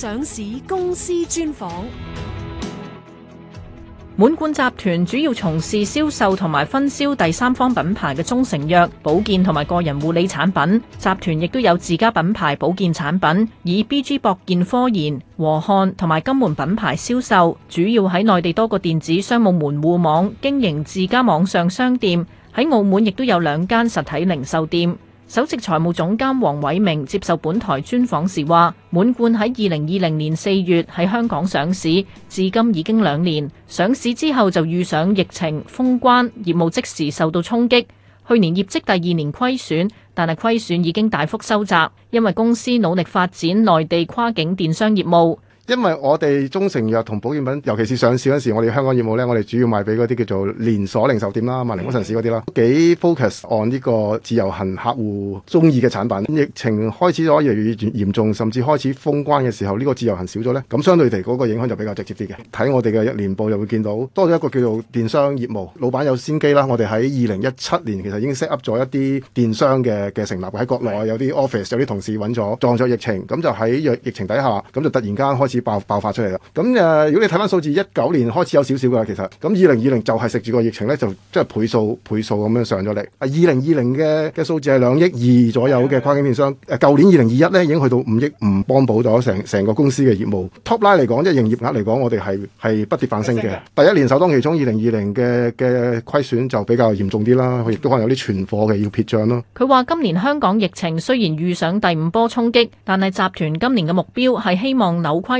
上市公司專訪。滿貫集團主要從事銷售同埋分銷第三方品牌嘅中成藥、保健同埋個人護理產品。集團亦都有自家品牌保健產品，以 B G 博健科研和漢同埋金門品牌銷售。主要喺內地多個電子商務門戶網經營自家網上商店，喺澳門亦都有兩間實體零售店。首席財務總監黃偉明接受本台專訪時話：滿貫喺二零二零年四月喺香港上市，至今已經兩年。上市之後就遇上疫情封關，業務即時受到衝擊。去年業績第二年虧損，但係虧損已經大幅收窄，因為公司努力發展內地跨境電商業務。因為我哋中成藥同保健品，尤其是上市嗰時，我哋香港業務咧，我哋主要賣俾嗰啲叫做連鎖零售店啦、萬寧城市嗰啲啦，幾 focus on 呢個自由行客戶中意嘅產品。疫情開始咗越嚟越嚴重，甚至開始封關嘅時候，呢個自由行少咗咧，咁相對嚟，嗰個影響就比較直接啲嘅。睇我哋嘅一年報就會見到多咗一個叫做電商業務，老闆有先機啦。我哋喺二零一七年其實已經 set up 咗一啲電商嘅嘅成立喺國內，有啲 office 有啲同事揾咗撞咗疫情，咁就喺疫情底下，咁就突然間開始。爆爆發出嚟啦！咁誒，如果你睇翻數字，一九年開始有少少噶其實。咁二零二零就係食住個疫情咧，就即係倍數倍數咁樣上咗嚟。啊，二零二零嘅嘅數字係兩億二左右嘅跨境電商。誒的，舊年二零二一呢已經去到五億，唔幫補咗成成個公司嘅業務。Top line 嚟講，即係營業額嚟講，我哋係係不跌反升嘅。的第一年首當其衝，二零二零嘅嘅虧損就比較嚴重啲啦，亦都可能有啲存貨嘅要撇帳咯。佢話今年香港疫情雖然遇上第五波衝擊，但係集團今年嘅目標係希望扭虧。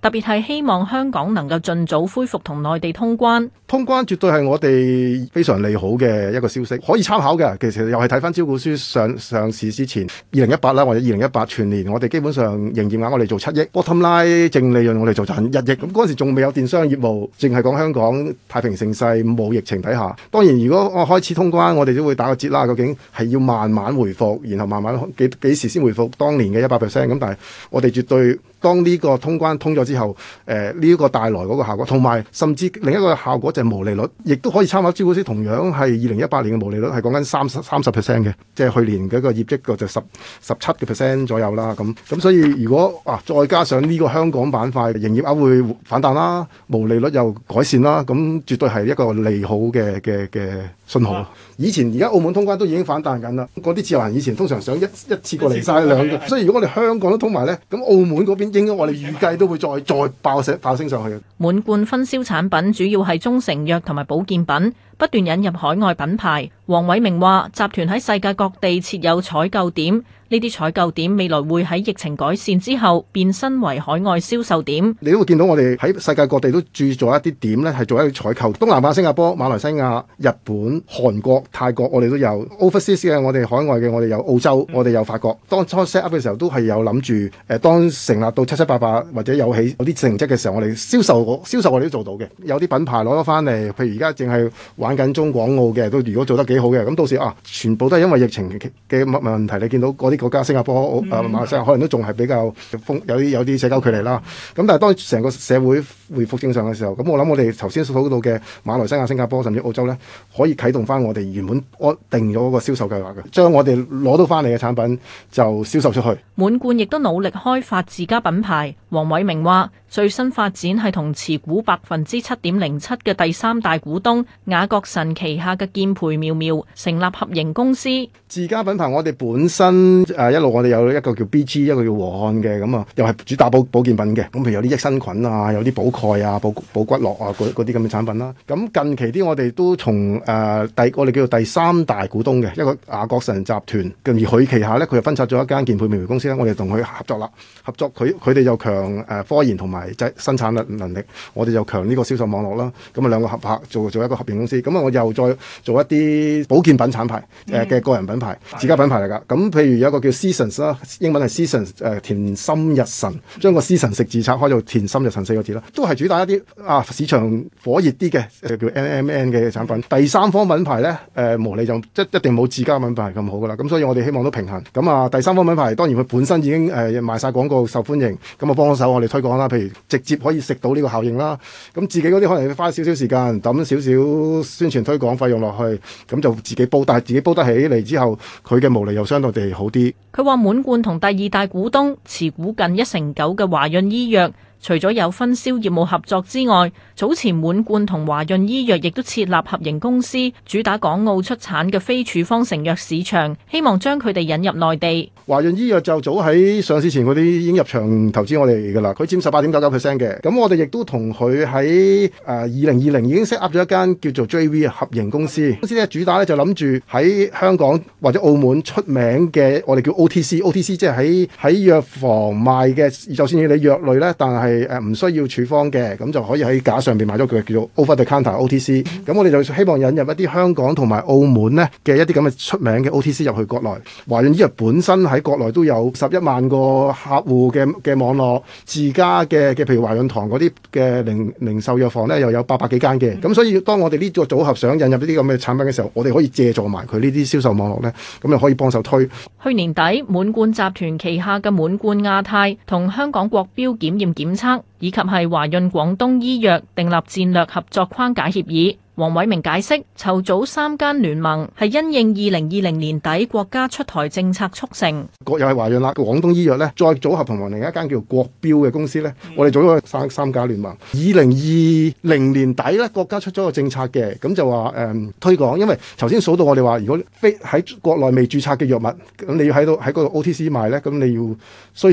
特別係希望香港能夠盡早恢復同內地通關，通關絕對係我哋非常利好嘅一個消息，可以參考嘅。其實又係睇翻招股書上上市之前，二零一八啦，或者二零一八全年，我哋基本上營業額我哋做七億，bottom 拉淨利潤我哋做賺一億。咁嗰時仲未有電商業務，淨係講香港太平盛世冇疫情底下。當然，如果我開始通關，我哋都會打個折啦。究竟係要慢慢回復，然後慢慢幾幾時先回復當年嘅一百 percent 咁？但係我哋絕對當呢個通關通咗。之後，誒，呢一個帶來嗰個效果，同埋甚至另一個效果就係毛利率，亦都可以參考招股書，同樣係二零一八年嘅毛利率係講緊三十三十 percent 嘅，即係、就是、去年嗰個業績個就十十七嘅 percent 左右啦。咁咁所以如果啊再加上呢個香港板塊營業額會反彈啦，毛利率又改善啦，咁絕對係一個利好嘅嘅嘅。信號，以前而家澳門通關都已經反彈緊啦，嗰啲自由行人以前通常想一次一次過嚟曬兩個，所以如果我哋香港都通埋咧，咁澳門嗰邊應該我哋預計都會再再爆石爆升上去。滿貫分銷產品主要係中成藥同埋保健品，不斷引入海外品牌。黃偉明話：集團喺世界各地設有採購點，呢啲採購點未來會喺疫情改善之後變身為海外銷售點。你都會見到我哋喺世界各地都駐咗一啲點咧，係做一啲採購。東南亞、新加坡、馬來西亞、日本、韓國、泰國，我哋都有。office 嘅我哋海外嘅，我哋有澳洲，嗯、我哋有法國。當初 set up 嘅時候都係有諗住，誒，當成立到七七八八或者有起有啲成績嘅時候，我哋銷售，售我銷售我哋都做到嘅。有啲品牌攞咗翻嚟，譬如而家淨係玩緊中港澳嘅，都如果做得幾。好嘅，咁到時啊，全部都係因為疫情嘅問問題，你見到嗰啲國家，新加坡、啊嗯、馬來西亞可能都仲係比較封，有啲有啲社交距離啦。咁、啊、但係當成個社會回復正常嘅時候，咁、嗯、我諗我哋頭先所講到嘅馬來西亞、新加坡甚至澳洲呢，可以啟動翻我哋原本安定咗個銷售計劃嘅，將我哋攞到翻嚟嘅產品就銷售出去。滿貫亦都努力開發自家品牌，黃偉明話。最新發展係同持股百分之七點零七嘅第三大股東雅各臣旗下嘅健倍苗苗成立合營公司。自家品牌我哋本身，誒一路我哋有一個叫 B G，一個叫和漢嘅，咁啊，又係主打保保健品嘅，咁，譬如有啲益生菌啊，有啲補鈣啊、補補骨骼啊嗰啲咁嘅產品啦。咁近期啲我哋都從誒第、呃、我哋叫做第三大股東嘅一個雅各臣集團，咁而佢旗下咧，佢又分拆咗一間健倍苗苗公司啦。我哋同佢合作啦，合作佢佢哋又強誒科研同埋。生產力能力，我哋就強呢個銷售網絡啦。咁啊兩個合拍做做一個合營公司，咁啊我又再做一啲保健品品牌，誒嘅、嗯呃、個人品牌、自家品牌嚟㗎。咁譬如有一個叫 Seasons 啦，英文係 Seasons，誒、呃、甜心日神，嗯、將個 Seasons 食字拆開做甜心日神四個字啦。都係主打一啲啊市場火熱啲嘅叫 N M N 嘅產品。第三方品牌咧誒、呃、無理就即一定冇自家品牌咁好㗎啦。咁所以我哋希望都平衡。咁啊第三方品牌當然佢本身已經誒、呃、賣晒廣告受歡迎，咁啊幫手我哋推廣啦。譬如直接可以食到呢個效應啦，咁自己嗰啲可能要花少少時間，抌少少宣傳推廣費用落去，咁就自己煲，但係自己煲得起嚟之後，佢嘅毛利又相對地好啲。佢話滿貫同第二大股東持股近一成九嘅華潤醫藥。除咗有分銷業務合作之外，早前滿貫同華潤醫藥亦都設立合營公司，主打港澳出產嘅非處方成藥市場，希望將佢哋引入內地。華潤醫藥就早喺上市前嗰啲已經入場投資我哋噶啦，佢佔十八點九九 percent 嘅。咁我哋亦都同佢喺誒二零二零已經 set up 咗一間叫做 JV 合營公司。公司咧，主打咧，就諗住喺香港或者澳門出名嘅，我哋叫 OTC，OTC 即係喺喺藥房賣嘅，就算你藥類咧，但係。係誒唔需要處方嘅，咁就可以喺架上邊買咗佢，叫做 Over-the-counter（OTC）。咁我哋就希望引入一啲香港同埋澳門呢嘅一啲咁嘅出名嘅 OTC 入去國內。華潤醫藥本身喺國內都有十一萬個客戶嘅嘅網絡，自家嘅嘅譬如華潤堂嗰啲嘅零零售藥房呢，又有八百幾間嘅。咁所以當我哋呢個組合想引入呢啲咁嘅產品嘅時候，我哋可以借助埋佢呢啲銷售網絡呢，咁就可以幫手推。去年底滿貫集團旗下嘅滿貫亞太同香港國標檢驗檢。以及係華潤廣東醫藥訂立戰略合作框架協議。黃偉明解釋，籌組三間聯盟係因應二零二零年底國家出台政策促成。國又係華潤啦，廣東醫藥咧，再組合同埋另一間叫國標嘅公司咧，嗯、我哋組咗三三家聯盟。二零二零年底咧，國家出咗個政策嘅，咁就話誒、嗯、推廣。因為頭先數到我哋話，如果非喺國內未註冊嘅藥物，咁你要喺度喺嗰個 O T C 賣咧，咁你要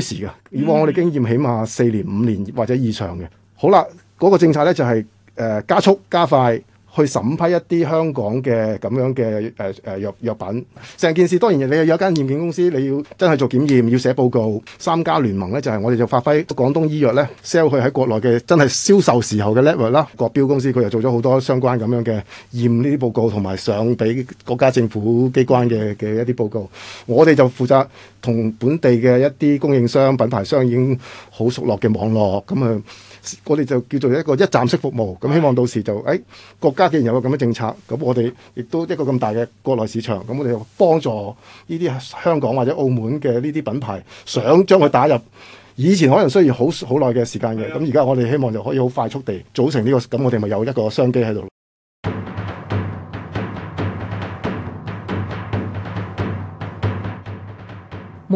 需時噶。以往我哋經驗起碼四年五年或者以上嘅。好啦，嗰、那個政策咧就係、是、誒、呃、加速加快。去審批一啲香港嘅咁樣嘅誒誒藥藥品，成件事，當然你有有間驗檢公司，你要真係做檢驗，要寫報告。三家聯盟呢，就係、是、我哋就發揮廣東醫藥呢 sell 佢喺國內嘅真係銷售時候嘅 level 啦，國標公司佢又做咗好多相關咁樣嘅驗呢啲報告，同埋上俾國家政府機關嘅嘅一啲報告。我哋就負責同本地嘅一啲供應商、品牌商已經好熟絡嘅網絡，咁啊。我哋就叫做一個一站式服務，咁希望到時就誒、哎、國家既然有個咁嘅政策，咁我哋亦都一個咁大嘅國內市場，咁我哋就幫助呢啲香港或者澳門嘅呢啲品牌，想將佢打入以前可能需要好好耐嘅時間嘅，咁而家我哋希望就可以好快速地組成呢、這個，咁我哋咪有一個商機喺度。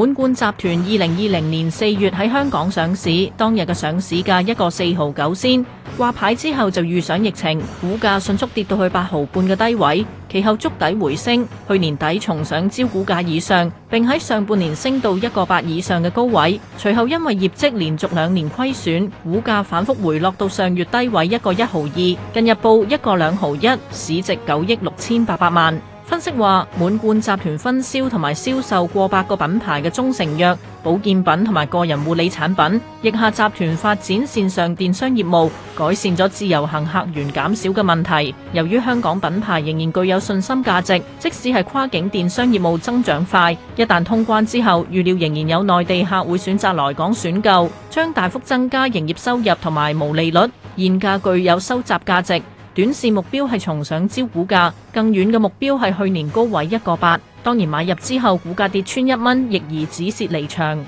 滿貫集團二零二零年四月喺香港上市，當日嘅上市價一個四毫九仙，掛牌之後就遇上疫情，股價迅速跌到去八毫半嘅低位，其後築底回升，去年底重上招股價以上，並喺上半年升到一個八以上嘅高位，隨後因為業績連續兩年虧損，股價反覆回落到上月低位一個一毫二，近日報一個兩毫一，市值九億六千八百萬。分析話，滿貫集團分銷同埋銷售過百個品牌嘅中成藥、保健品同埋個人護理產品；亦下集團發展線上電商業務，改善咗自由行客源減少嘅問題。由於香港品牌仍然具有信心價值，即使係跨境電商業務增長快，一旦通關之後，預料仍然有內地客會選擇來港選購，將大幅增加營業收入同埋毛利率，現價具有收集價值。短線目標係重上招股價，更遠嘅目標係去年高位一個八。當然買入之後股價跌穿一蚊，亦宜止蝕離場。